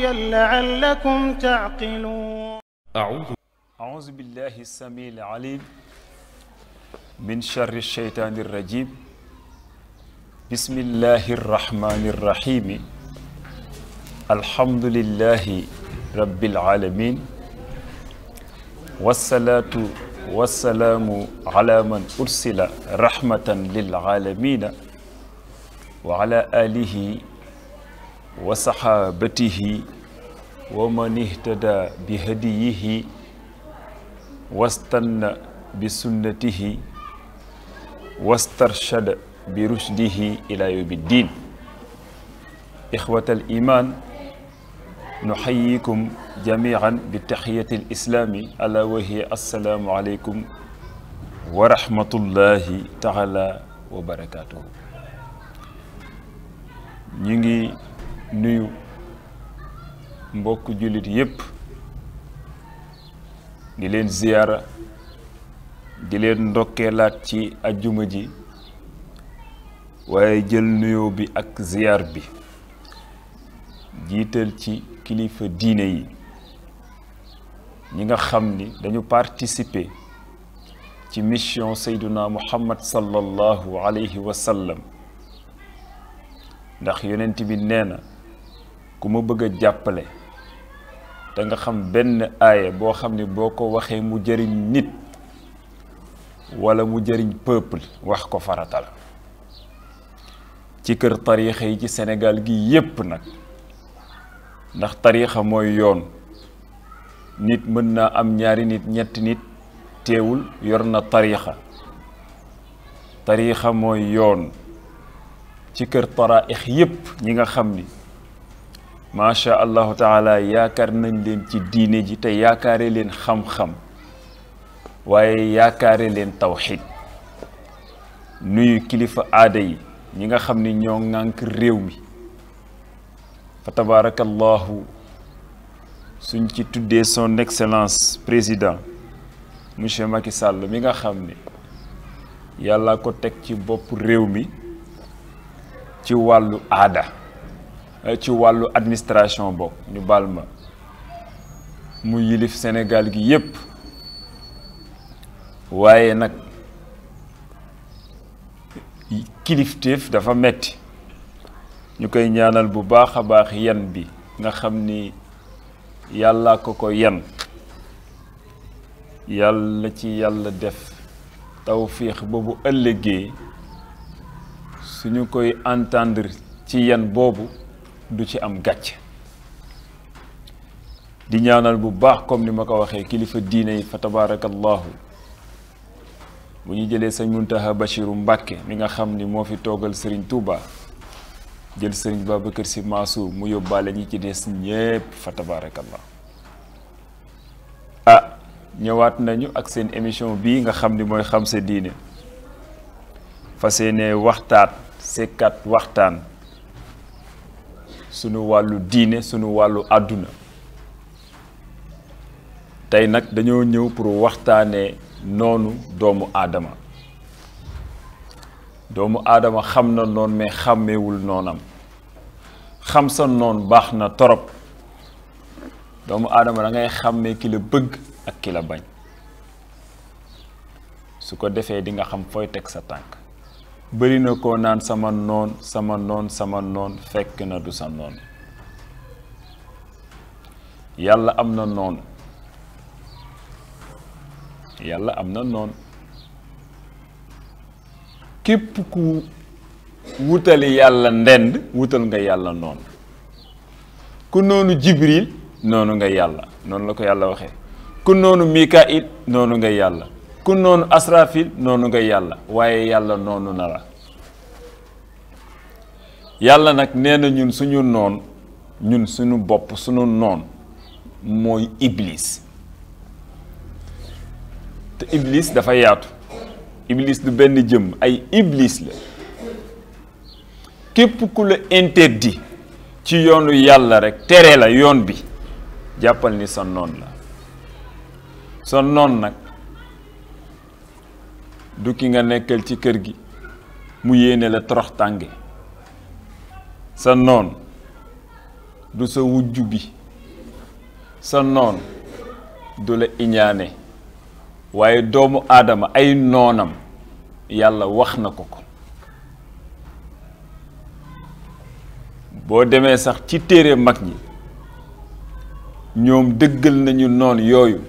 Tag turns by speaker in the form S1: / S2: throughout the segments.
S1: عصيا لعلكم تعقلون أعوذ أعوذ بالله السميع العليم من شر الشيطان الرجيم بسم الله الرحمن الرحيم الحمد لله رب العالمين والصلاة والسلام على من أرسل رحمة للعالمين وعلى آله وصحابته ومن اهتدى بهديه واستنى بسنته واسترشد برشده إلى يوم الدين إخوة الإيمان نحييكم جميعا بالتحية الإسلامي ألا وهي السلام عليكم ورحمة الله تعالى وبركاته ñu nuyu mbokk jullit yépp di leen ziyaara di leen ndokkeelaat ci ajjuma ji waaye jël nuyoo bi ak ziyaar bi jiital ci kilifa diine yi ñi nga xam ni dañu participer ci mission sayduna muhammad sallallahu alayhi wa sallam ndax yonent bi nee na ku bëgg jappalé jàppale nga xam benn aaya boo xam ne boo mu jëriñ nit wala mu jëriñ peuple wax ko farata la ci kër tariixa yi ci Sénégal gi yépp nak, ndax tariixa mooy yoon nit mën naa am ñaari nit ñetti nit teewul yor na tariixa tariixa mooy yoon ci kër taraix yépp ñi nga xam ni macha allahu taala yaakaar nañ leen ci diine ji te yaakaare leen xam-xam waaye yaakaare leen tawxid nuyu kilifa aada yi ñi nga xam ni ñoo ŋànk réew mi fa tabarakallahu suñ ci tuddee son excellence président monsieur Macky Sall mi nga xam ne yàlla ko teg ci bopp réew mi ci wàllu aada Euh, ci wàllu administration bokk ñu baal ma mu yilif Sénégal gi yépp waaye nag kilifteef dafa metti ñu koy ñaanal bu baax a baax yan bi nga xam ni yàlla ko ko yan yàlla ci yàlla def tawfiix ba bu ëllëgee suñu koy entendre ci yan boobu du ci am gatch di ñaanal bu baax comme ni mako waxe kilifa diine fa tabarakallah bu ñu jëlé sëñ muntaha bashiru mbacke mi nga xam ni moo fi togal sëriñ Touba jël sëriñ babakar Si Mansour mu yobale ñi ci dess ñepp fa tabarakallah a ah, ñëwaat nañu ak seen émission bi nga xam ni xam sa diine waxtaat waxtaan sunu wàllu diine sunu wàllu àdduna tey nag dañoo ñëw pour waxtaanee noonu doomu aadama doomu aadama xam na noon mais xàmmewul noonam xam sa noon baax na torop doomu aadama da ngay xàmmee ki la bëgg ak ki la bañ su ko defee di nga xam fooy teg sa tànk bari na koo naan sama noon sama noon sama noon fekk na du sa noon yàlla am na noon yàlla am na noon képp ku wutali yàlla ndend wutal nga yàlla noon ku noonu jibril noonu nga yàlla noonu la ko yàlla waxee ku noonu mikail noonu nga yàlla ku noonu asrafil noonu nga yàlla waaye yàlla noonu na la yàlla nag nee na ñun suñu noon ñun suñu bopp suñu noon mooy iblis te iblis dafa yaatu iblis du benn jëm ay iblis la képp ku la interdit ci yoonu yàlla rekk tere la yoon bi jàppal ni sa noon la sa noon nag du ki nga nekkal ci kër gi mu yéene la torox sa noon du sa wujj bi sa noon du la iñaane waaye doomu aadama ay noonam yàlla wax na ko ko boo demee sax ci téere mag ñi ñoom dëggal nañu noon yooyu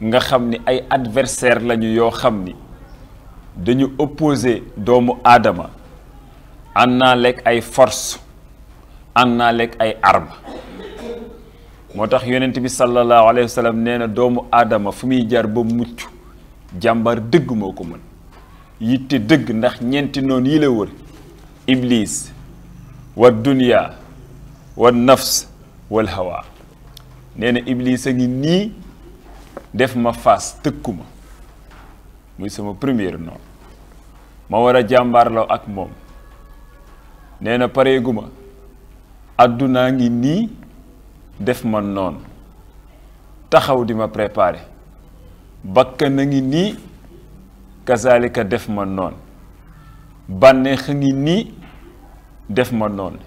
S1: nga xam ni ay adversaire lañu yoo xam ni dañu opposé doomu aadama ànd naa lekk ay force ànd naa lekk ay arme moo tax yonent bi sallallahu alayhi wa sallam nee na doomu aadama fu muy jar ba mucc jàmbar dëgg moo ko mën yitte dëgg ndax ñeenti noonu yi la wër ibliis wa dunya wa nafs wal hawa nee na a ngi nii def ma fas tëkku muy sama première noonu ma wara jambar lo ak mom neena pare guma àddunaa ngi ni def ma non taxaw di ma préparer bakka ngi ni kazalika def ma non banne a ngi def ma non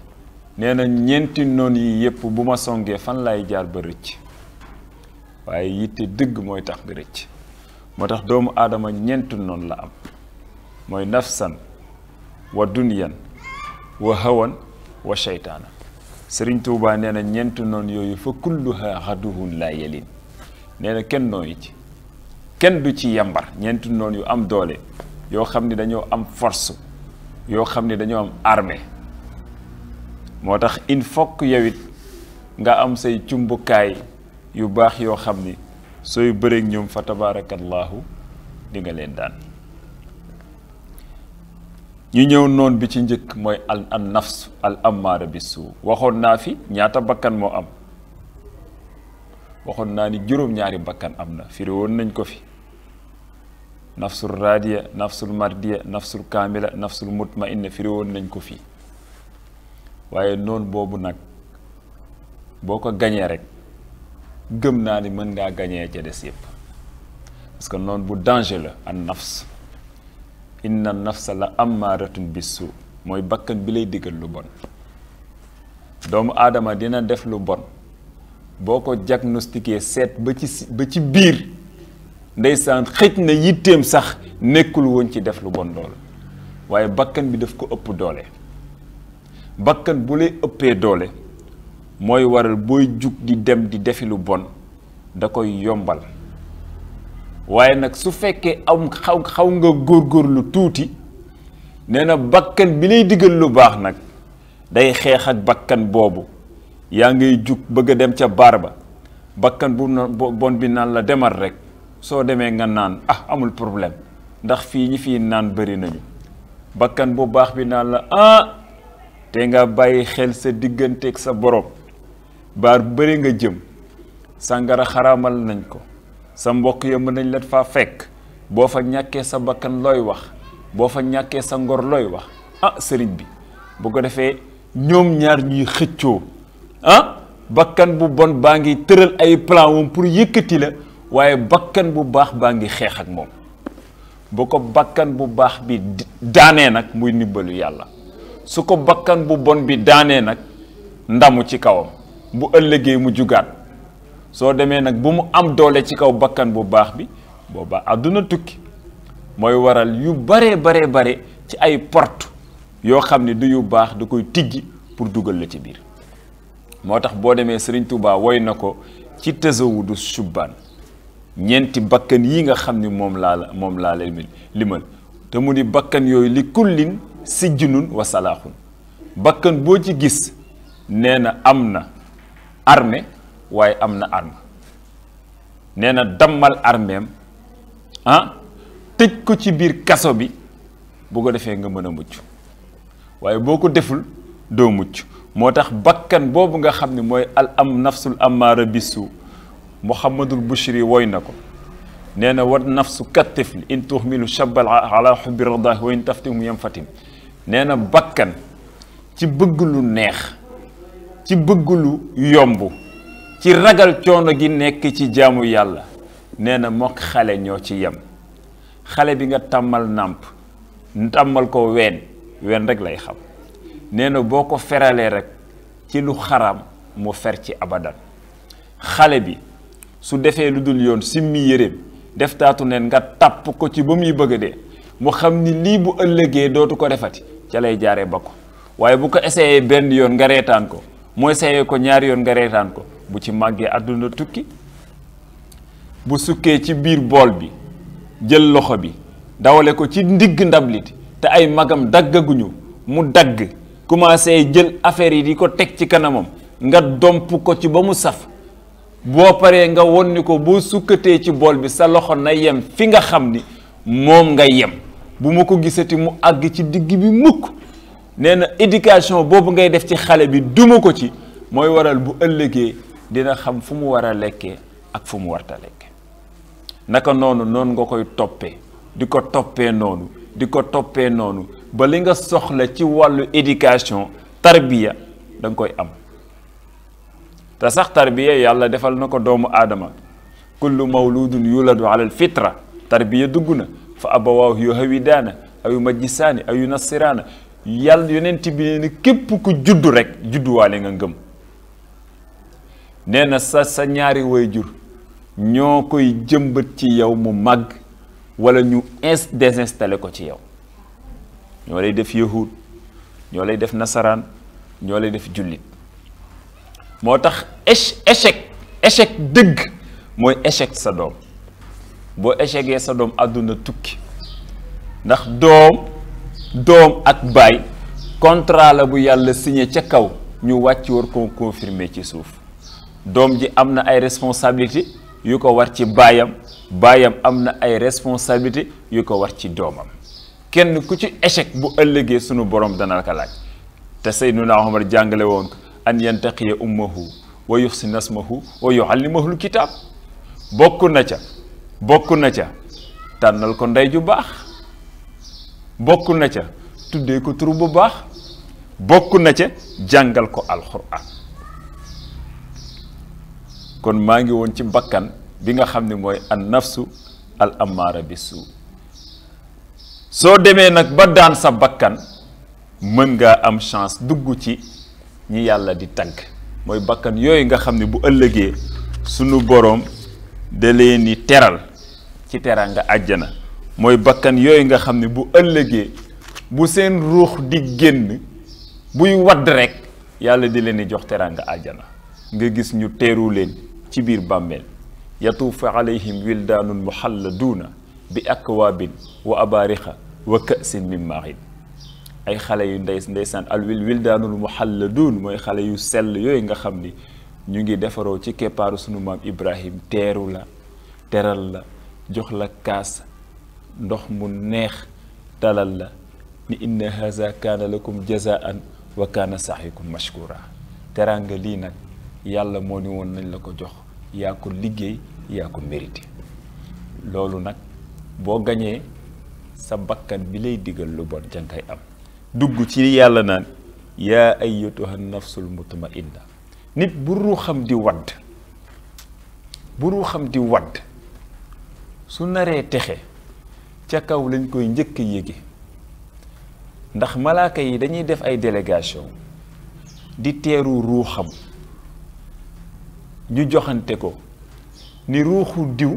S1: neena ñenti non yi yep bu ma fan lay jaar ba recc waye yitte deug moy tax nga rëcc moo doomu adama ñent non la am mooy nafsan wa duniyan wa hawan wa shaytaana sëriñ Tuubaa nee na ñeenti noon yooyu fa kulluha xaduhun laa yelin nee na kenn nooyu ci kenn du ci yambar ñeenti noonu yu am doole yoo xam ni dañoo am force yoo xam ni dañoo am armée moo tax in faut que nga am say cumbukaay yu baax yoo xam ni sooy bëreeg ñoom fa tabaarakallaahu di nga leen daan ñu ñëw noon bi ci njëkk mooy al an nafs al ammaara bi suu waxoon naa fi ñaata bakkan moo am waxoon naa ni juróom-ñaari bakkan am na firi woon nañ ko fi nafsul radia nafsul mardia nafsul kaamila nafsul mutmainna firi woon nañ ko fi waaye noon boobu nag boo ko gañee rek gëm naa ni mën ngaa gañee ca des yépp parce que noon bu danger la an nafs inna nafsa la ammaaratun bisu mooy bakkan bi lay digal lu bon doomu aadama dina def lu bon boo ko diagnostiqué seet ba ci ba ci biir ndeysaan xëj na yitteem sax nekkul woon ci def lu bon loolu waaye bakkan bi daf ko ëpp doole bakkan bu lay ëppee doole mooy waral booy jug di dem di defi lu bon da koy yombal waye nak su fekke am xaw xaw nga gor lu tuti neena bakkan bi lay diggal lu bax nak day xex ak bakkan bobu ya ngay juk bëgg dem ca barba bakkan bu bon bi nan la demal rek so deme nga nan ah amul problème ndax fi ñi fi nan bari nañu bakkan bu bax bi nan la ah te nga bàyyi xel sa digganteeg sa borom bar bari nga jëm sangara xaraamal nañ ko sa mbokk ya mën nañ la faa fekk boo fa ñàkkee sa bakkan looy wax boo fa ñàkkee sa ngor looy wax ah sëriñ bi bu ko defee ñoom ñaar ñuy xëccoo ah bakkan bu bon baa ngi tëral ay plan moom pour yëkkati la waaye bakkan bu baax baa ngi xeex ak moom bu ko bakkan bu baax bi daanee nag muy ndimbalu yàlla su ko bakkan bu bon bi daanee nag ndamu ci kawam bu ëllëgee mu jugaat soo demee nag bu mu am doole ci kaw bakkan bu baax bi booba àdduna tukki mooy waral yu bare bare bare ci ay porte yoo xam ne du yu baax du koy tijji pour dugal la ci biir moo tax boo demee sëriñ Touba woy na ko ci tësawudu subbaan ñeenti bakkan yi nga xam ni moom laa la moom laa la limal te mu ni bakkan yooyu li kullin sijjinun wa bakkan boo ci gis nee na am na armée waye amna arme neena damal armem han tejj ko ci bir kasso bi bu ko defé nga meuna muccu waye boko deful do muccu motax bakkan bobu nga xamni moy al am nafsul amara bisu muhammadul bushri woy na ko nee nafsu kattifl in tuhmilu shabal ala hubbi radah wa in taftimu yam neena bakkan ci bëgg lu neex ci bëgg lu yombu ci ragal coono gi nekk ci jaamu yàlla nee na mook xale ñoo ci yem xale bi nga tàmmal nàmp tàmmal ko ween ween rek lay xam nee na boo ko feralee rek ci lu xaram mu fer ci abadan xale bi su defee lu dul yoon simmi yéreem def taatu neen nga tàpp ko ci ba muy bëgg dee mu xam ni lii bu ëllëgee dootu ko defati ca lay jaaree ba ko waaye bu ko essayé benn yoon nga reetaan ko mooy essayé ko ñaari yoon nga reetaan ko bu ci màggee àdduna tukki bu sukkee ci biir bool bi jël loxo bi dawale ko ci ndigg lit te ay magam daggaguñu mu dagg commencé jël affaire yi di ko teg ci kanamam nga domp ko ci ba mu saf boo paree nga won ni ko boo sukkatee ci bool bi sa loxo na yem fi nga xam ni moom nga yem bu ma ko gisati mu àgg ci digg bi mukk nee na éducation boobu ngay def ci xale bi duma ko ci mooy waral bu ëllëgee dina xam fu mu war a lekkee ak fu mu warta lekke naka noonu noonu nga koy toppee di ko toppee noonu di ko toppee noonu ba li nga soxla ci wàllu éducation tarbiya da nga koy am te sax tarbiya yàlla defal na ko doomu aadama kullu mawludun yuladu ala al fitra tarbiya dugg na fa abawaahu yuhawidaana aw yu majjisaani aw yu nasiraana yàlla yonent bi ne képp ku juddu rek judduwaale nga ngëm nee sa sa ñaari jur ñoo koy jëmbat ci yow mu màgg wala ñu ins ko ci yow ñoo lay def yahud ñoo lay def nasaraan ñoo lay def jullit moo tax échec échec dëgg mooy échec sa doom boo échecgee sa doom àdduna tukki ndax doom doom ak baay contrat bu yàlla signé ca kaw ñu wàcc war koo confirmer ci suuf doom ji am na ay responsabilité yu ko war ci baayam baayam am na ay responsabilité yu ko war ci doomam kenn ku ci échec bu ëllëgee sunu borom dana la ko laaj te Seydina Omar jàngale woon ko an yantaqiya ummahu wa yuxsi nasmahu wa yuallimahul kitaab bokk na ca bokk na ca tànnal ko ndey ju baax bokk na ca tuddee ko tur bu baax bokk na ca jàngal ko alxuraan kon maa ngi woon ci bakkan bi nga xam ne mooy an nafsu al amaara bi suu soo demee nag ba daan sa bakkan mën nga am chance dugg ci ñi yàlla di tagg mooy bakkan yooyu nga xam ne bu ëllëgee sunu boroom da ni teral ci teraanga àjjana mooy bakkan yooyu nga xam ne bu ëllëgee bu seen ruux di génn buy wadd rekk yàlla di leen di jox teraanga àjjana nga gis ñu teeru leen ci biir bàmmeel yatuufu alayhim wildaanun muxalladuuna bi akwaabin wa abaarixa wa ka'sin min maahin ay xale yu ndey ndeysaan al wil wildaanul muxalladuun xale yu sell yooyu nga xam ni ñu ngi defaroo ci keppaaru sunu maam Ibrahim teeru la teral la jox la kaas ndox mu neex dalal la ni inna haza kaana lakum jazaan wa kaana saxikum mashkura teraanga lii nag yàlla moo ni woon nañ la ko jox yaa ko liggéey yaa ko mérité loolu nag boo gañee sa bakkan bi lay digal lu bon ca am dugg ci yàlla naan yaa ayyatuha nafsul mutma'inna nit bu ruuxam di wadd bu ruuxam di wadd su naree texe ca kaw lañ koy njëkk yéege ndax malaaka yi dañuy def ay délégation di teeru ruuxam ñu joxante ko ni ruuxu diw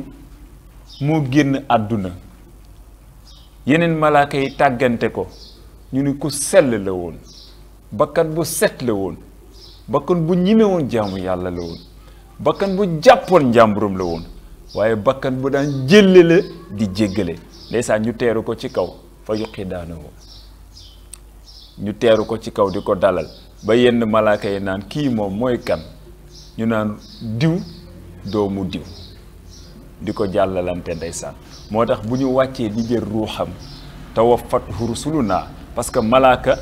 S1: moo génn àdduna yeneen malaaka yi tàggante ko ñu ni ko sell la woon bakkan bu set la woon bakkan bu ñime woon jaamu yàlla la woon bakkan bu jàppoon njàmburam la woon waaye bakkan bu daan jëlle la di jéggale ndeysaan ñu teeru ko ci kaw fa yuqi daana woo ñu teeru ko ci kaw di ko dalal ba yenn malaaka yi naan kii moom mooy kan ñu naan diw doomu diw di ko jàllalante ndeysaan moo tax bu ñu wàccee di jël ruuxam tawafathu rusuluna parce que malaaka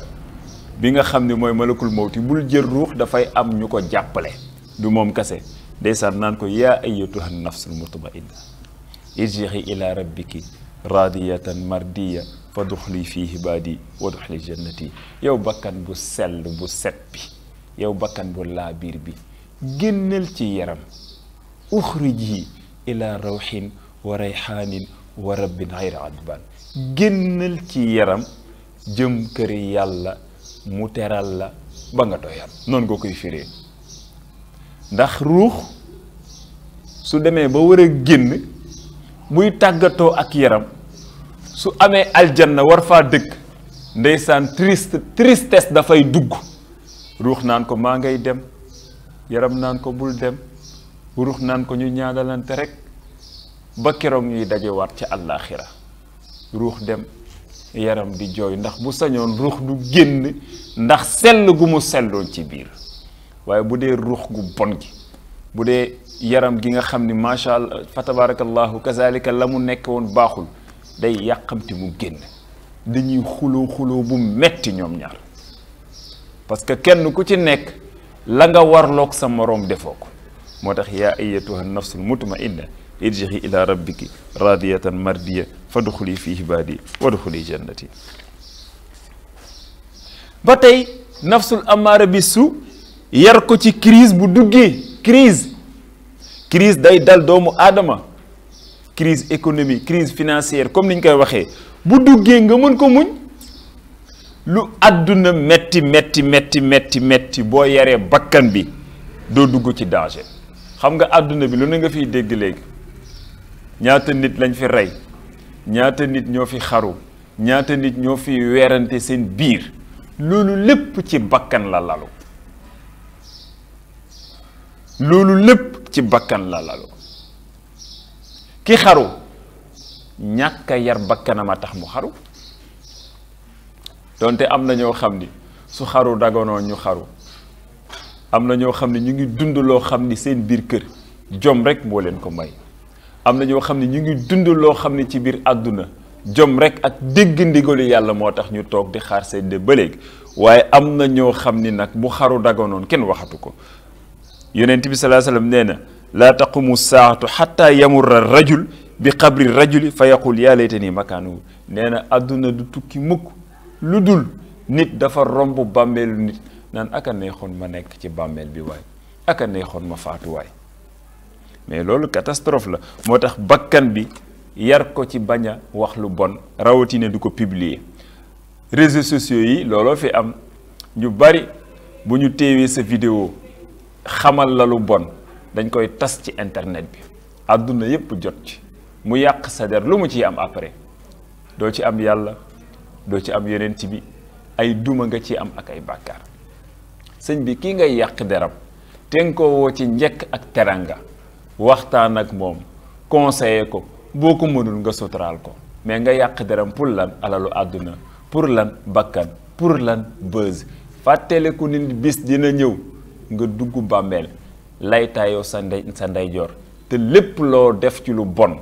S1: bi nga xam ne mooy malakul mawti bul jël ruux dafay am ñu ko jàppale du moom kase ndeysaan naan ko yaa ayyatuha nafsul mutmainna irjixi ila rabbiki radiyatan mardiya fa duxli fii hibaadi wa duxli yow bakkan bu sell bu set bi yow bakkan bu laabiir bi génnal ci yaram uxriji ila rawxin wa rayxaanin wa rabbin xayri adban génnal ci yaram jëm këri yàlla mu teral la ba nga doyal noonu nga koy firee ndax ruux su demee ba war a génn muy tàggatoo ak yaram su amee aljanna war faa dëkk ndeysaan triste tristesse dafay dugg ruux naan ko maa ngay dem yaram naan ko bul dem ruux naan ko ñu ñaanalante rek ba keroog ñuy dajewaat ci àllaaxira ruux dem yaram di jooy ndax bu sañoon ruux du génn ndax sell gu mu selloon ci biir waaye bu dee ruux gu bon gi bu dee yaram gi nga xam ni macha allah fa tabarakallahu kazalika la mu nekk woon baaxul day yàqamti mu génn dañuy xuloo xuloo bu metti ñoom ñaar parce kenn ku ci nekk la nga warloog sa moroom defoo ko moo tax yaa ayyatuha nafsul mutmainna irjixi ila rabbiki radiyatan mardiya fadxuli fi ibaadi wadxuli jannati ba tey nafsul amaara bi su yar ko ci crise bu duggee crise crise day dal doomu aadama crise économique crise financière comme ni ñu koy waxee bu duggee nga mën ko muñ lu àdduna metti metti metti metti metti metti boo yaree bakkan bi doo dugg ci danger xam nga àdduna bi lu ne nga fiy dégg léegi ñaata nit lañ fi rey ñaata nit ñoo fi xaru ñaata nit ñoo fi weerante seen biir loolu lépp ci bakkan la lalu loolu lépp ci bakkan la lalu ki xaru ñàkk a yar bakkanam a tax mu xaru donte am na ñoo xam ni su xaru daganoo ñu xaru am na ñoo xam ne ñu ngi dund loo xam ni seen biir kër jom rek moo leen ko may am na ñoo xam ne ñu ngi dund loo xam ne ci biir àdduna jom rek ak dégg ndigalu yàlla moo tax ñu toog di xaar seen de ba léegi waaye am na ñoo xam ni nag bu xaru daganoon kenn waxatu ko yonent bi salaa sallam nee na laa taqumu saatu xatta yamul rajul bi xabri rajuli fa yaqul yaa laytani makaanahu nee na àdduna du tukki mukk lu dul nit dafa romb bàmmeelu nit naan aka neexoon ma nekk ci bàmmeel bi waay aka neexoon ma faatu waay mais loolu catastrophe la moo tax bakkan bi yar ko ci bañ a wax lu bon rawatina du ko publier réseaux sociaux yi looloo fi am ñu bari bu ñu téewee sa vidéo xamal la lu bon dañ koy tas ci internet bi àdduna yépp jot ci mu yàq sa der lu mu ci am après doo ci am yàlla doo ci am yeneen ci bi ay duma nga ci am ak ay bàkkaar sëñ bi kii ngay yàq deram tenkoowoo ci njekk ak teranga waxtaan ak moom conseiller ko boo ko mënul nga suturaal ko mais nga yàq deram pour lan alalu àdduna pour lan bakkan pour lan bës ko nit bis dina ñëw nga dugg bàmmeel laytaayoo sa ndey sa ndeyjoor te lépp loo def ci lu bon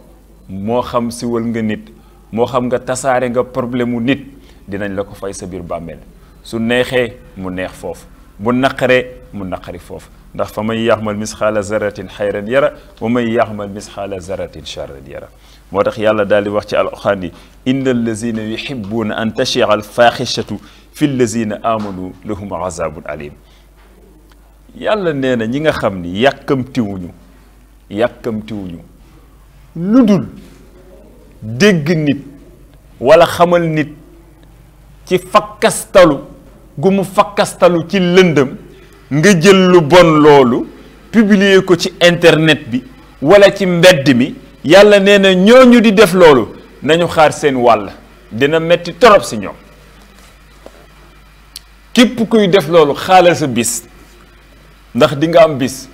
S1: moo xam siwal nga nit moo xam nga tasaare nga problème nit dinañ la ko fay sa bir bammel su neexee mu neex foofu bu naqaree mu naqari foofu ndax fa man yaxmal misxaala zaratin xayran yara wa may yaxmal misxaala zaratin charran yara moo tax yàlla daal di wax ci alquran yi inna allazina yuhibuuna an tashia alfaxishatu fi allazina amanu lahum azabun alim yàlla nee na ñi nga xam ni yàkkamtiwuñu yàkkamtiwuñu lu dul dégg nit wala xamal nit ci fakkastalu gu mu fakkastalu ci lëndëm nga jël lu bon loolu publier ko ci internet bi wala ci mbedd mi yàlla nee na ñu di def loolu nañu xaar seen wàll dina metti torop si ñoom képp kuy def loolu xaalal sa bis ndax dinga am bis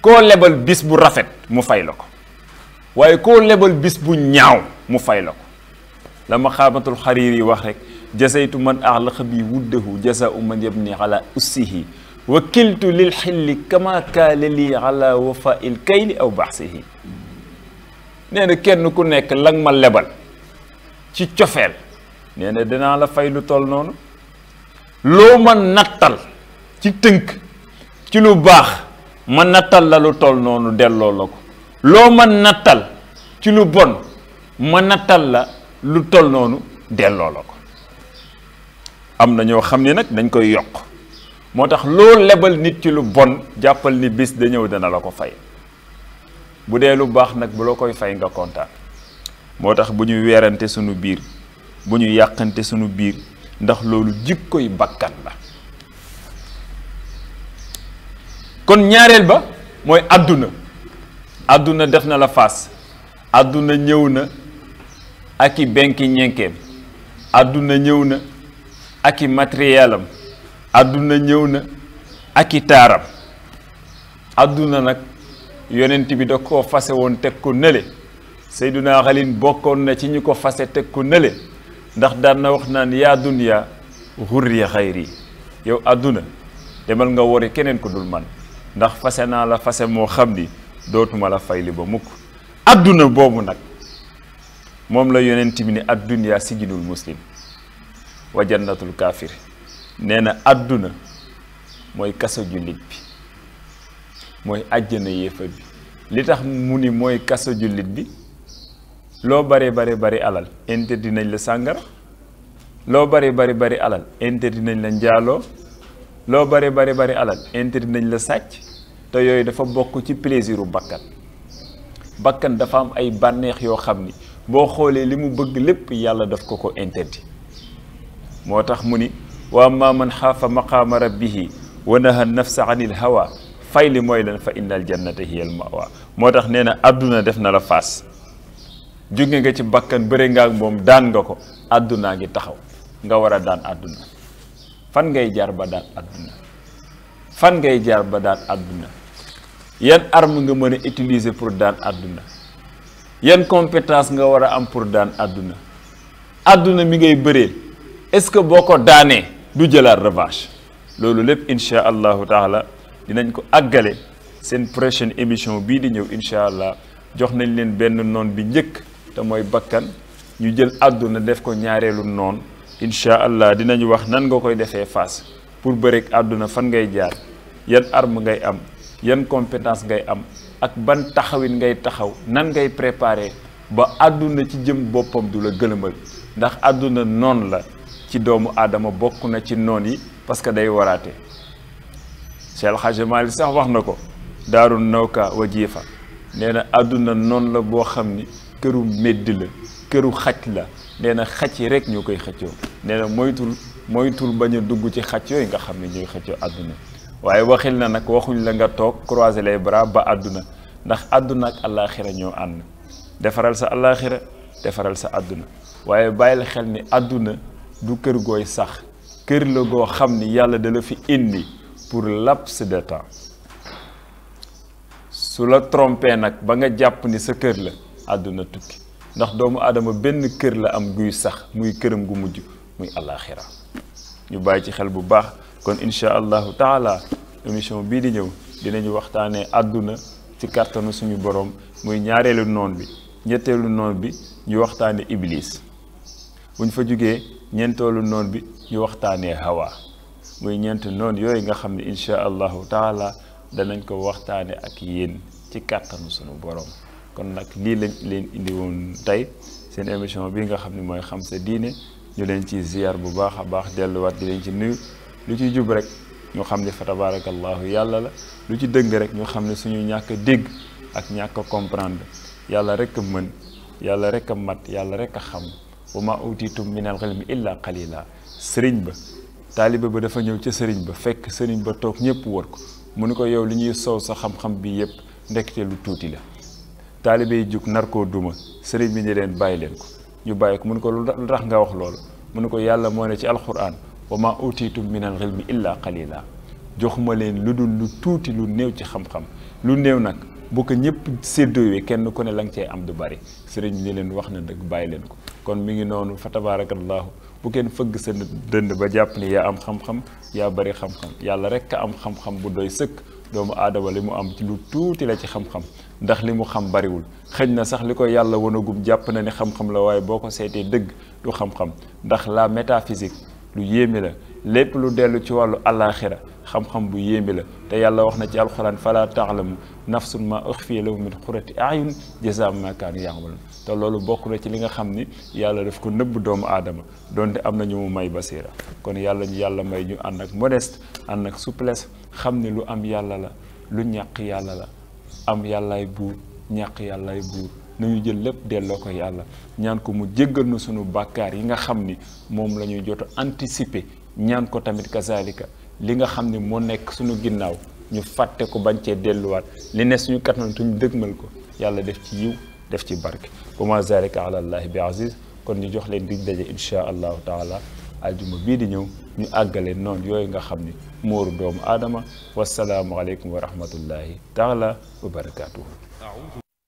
S1: koo lebal bis bu rafet mu fay la ko waaye koo lebal bis bu ñaaw mu fay la ko لما خابت الخريري وخرك جزيت من أعلق بي وده جزاء من يبني على أسه وكلت للحل كما كان لي على وفاء الكيل أو بحثه نحن كن نكون نك لغم اللبن تي تفعل نحن دنا على فايل تولنون لو من نقتل تي تنك تي لو باخ من نقتل لو تولنون دلو لو من نقتل تي لو بون من نقتل لو lu tol noonu delloo la ko am na ñoo xam ni nag dañ koy yokk moo tax loo lebal nit ci lu bon jàppal ni bis da ñëw dana la ko fay bu dee lu baax nag bu la koy fay nga kontaan moo tax bu ñu weerante sunu biir bu ñu yàqante sunu biir ndax loolu koy bakkan la kon ñaareel ba mooy àdduna àdduna def na la faas àdduna ñëw na ak i benki ñenkeem àdduna ñëw na ak i matérielam àdduna ñëw na ak i taaram àdduna nag yonent bi da koo fase woon teg ko nële Seydunaa Xalil bokkoon na ci ñu ko fase teg ko nële ndax daan na wax naan yaa duniyaa xurriya xayri yow àdduna demal nga wori keneen ko dul man ndax fase naa la fase moo xam ni dootuma la fay li ba mukk àdduna boobu nag moom la yonent bi ne adduniyaa sijinul muslim wa jannatul kaafir nee na àdduna mooy kaso jullit bi mooy àjjana yéefar bi li tax mu ni mooy kaso jullit bi loo bare bare bari alal interdit nañ la sàngara loo bare bari bari alal interdit nañ la njaaloo loo bare bari bari alal interdit nañ la sàcc te yooyu dafa bokk ci plaisiru bakkan bakkan dafa am ay bànneex yoo xam ni boo xoolee li mu bëgg lépp yàlla daf ko ko interdit moo tax mu ni wa amma man xaafa maqaama rabbihi wa naha nafsa anil fay li mooy lan fa innal jannata hiya al mawa moo tax nee na àdduna def na la faas jóge nga ci bakkan bëri nga ak moom daan nga ko àddunaa ngi taxaw nga war a daan àdduna fan ngay jaar ba daan àdduna fan ngay jaar ba daan àdduna yan arme nga mën a utilise pour daan àdduna yan compétence nga war a am pour daan àdduna àdduna mi ngay bëreel est-ce que boo ko daanee du jëlaat revanche loolu lépp incha allahu taala dinañ ko àggale seen prochaine émission bii di ñëw incha allah jox nañ leen benn noon bi njëkk te mooy bakkan ñu jël àdduna def ko ñaareelu noon incha allah dinañu wax nan nga koy defee fas pour bëreek àdduna fan ngay jaar yan arme ngay am yan compétence ngay am ak ban taxawit ngay taxaw nan ngay préparer ba àdduna ci jëm boppam du la gëlëmal ndax àdduna noon la ci doomu aadama bokk na ci noon yi parce que day waraate Cheikh Hadji sax wax na ko daaru nawka wa jiifa nee na àdduna noon la boo xam ni këru médd la këru xaj la nee na xaj yi rek ñoo koy xëccoo neena moytul moytul bañ a dugg ci xaj yooyu nga xam ne ñooy xëccoo àdduna waaye waxil na nag waxuñ la nga toog croiser les ba àdduna ndax àdduna ak àllaaxira ñoo ànd defaral sa àllaaxira defaral sa àdduna waaye bàyyil xel ni àdduna du kër gooy sax kër la goo xam ni yàlla da fi indi pour laps de temps su la trompé nag ba nga jàpp ni sa kër la àdduna tukki ndax doomu aadama benn kër la am guy sax muy këram gu mujj muy àllaaxira ñu bàyyi ci xel bu baax kon insha allah taala émission bi di ñëw dinañu waxtane aduna ci carton suñu borom muy ñaarelu non bi ñettelu non bi ñu waxtane iblis buñ fa jugee ñentolu non bi ñu waxtane hawa muy ñent non yoy nga xamni insha allah allahu taala danañ ko waxtane ak yéen ci carton suñu borom kon nak li lañ leen indi won tay seen émission bi nga xamni moy xam sa diine ñu leen ci ziar bu baaxa baax delu wat di leen ci nuyu lu ci jub rek ñu xam ne fa yalla la lu ci deug rek ñu xam ni suñu ñàkk deg ak ñàkk comprendre yalla rek mën yalla rek mat yalla rek xam wa ma utitum min alxilmi illa qalila serigne ba talib ba dafa ñew ci serigne ba fekk serigne ba tok ñepp wor ko mu ni ko yow li ñuy soow sa xam-xam bi yépp ndekte lu tuuti la talibé juk narko duma serigne bi ñi leen bayiléen ko ñu bayiko mu ni ko lu tax nga wax lool mu ni ko yalla mo ne ci alquran وما أوتيتم من العلم إلا قليلا جوخما لين لودو لو توتي لو نيو تي خام خام لو نيو ناك بوكو نييب سيدوي كين كوني لا نتي ام دو باري سيرن ني لين واخنا دك باي لين كو كون ميغي نونو فتبارك الله بوكين فغ سن دند با جاب يا ام خام خام يا باري خام خام يالا ريك ام خام خام بو دوي سك دوم ادم لي مو ام تي لو توتي لا تي خام خام ndax limu xam bariwul xëy na sax li ko yàlla wënagum jàpp na ni xam-xam la waaye boo ko seetee du xam-xam ndax la métaphysique lu yéeme la lépp lu dellu ci wàllu àllaaxira xam-xam bu yéeme la te yàlla wax na ci alxuraan fala taalamu nafsun ma uxfiya lahum min xurati ayun jazaam ma kaanu yaamaluun te loolu bokk na ci li nga xam ni yàlla daf ko nëbb doomu aadama donte am na ñu mu may basiira kon yàlla ñu yàlla may ñu ànd ak modeste ànd ak souplesse xam ni lu am yàlla la lu ñàq yàlla la am yàllaay buur ñàq yàllaay buur nañu jël lépp delloo ko yàlla ñaan ko mu jéggal na sunu bakkaar yi nga xam ni moom la ñuy jot anticiper ñaan ko tamit kazalika li nga xam ni moo nekk suñu ginnaaw ñu fàtte ko bañ cee delluwaat li ne suñu kattan tuñ dëgmal ko yàlla def ci yiw def ci bark wa ma zalika ala bi aziz kon ñu jox leen dig daje insha allahu taala aljuma bii di ñëw ñu àggale noon yooyu nga xam ni mooru doomu aadama wasalaamu aleykum wa rahmatullahi taala wa barakaatuhu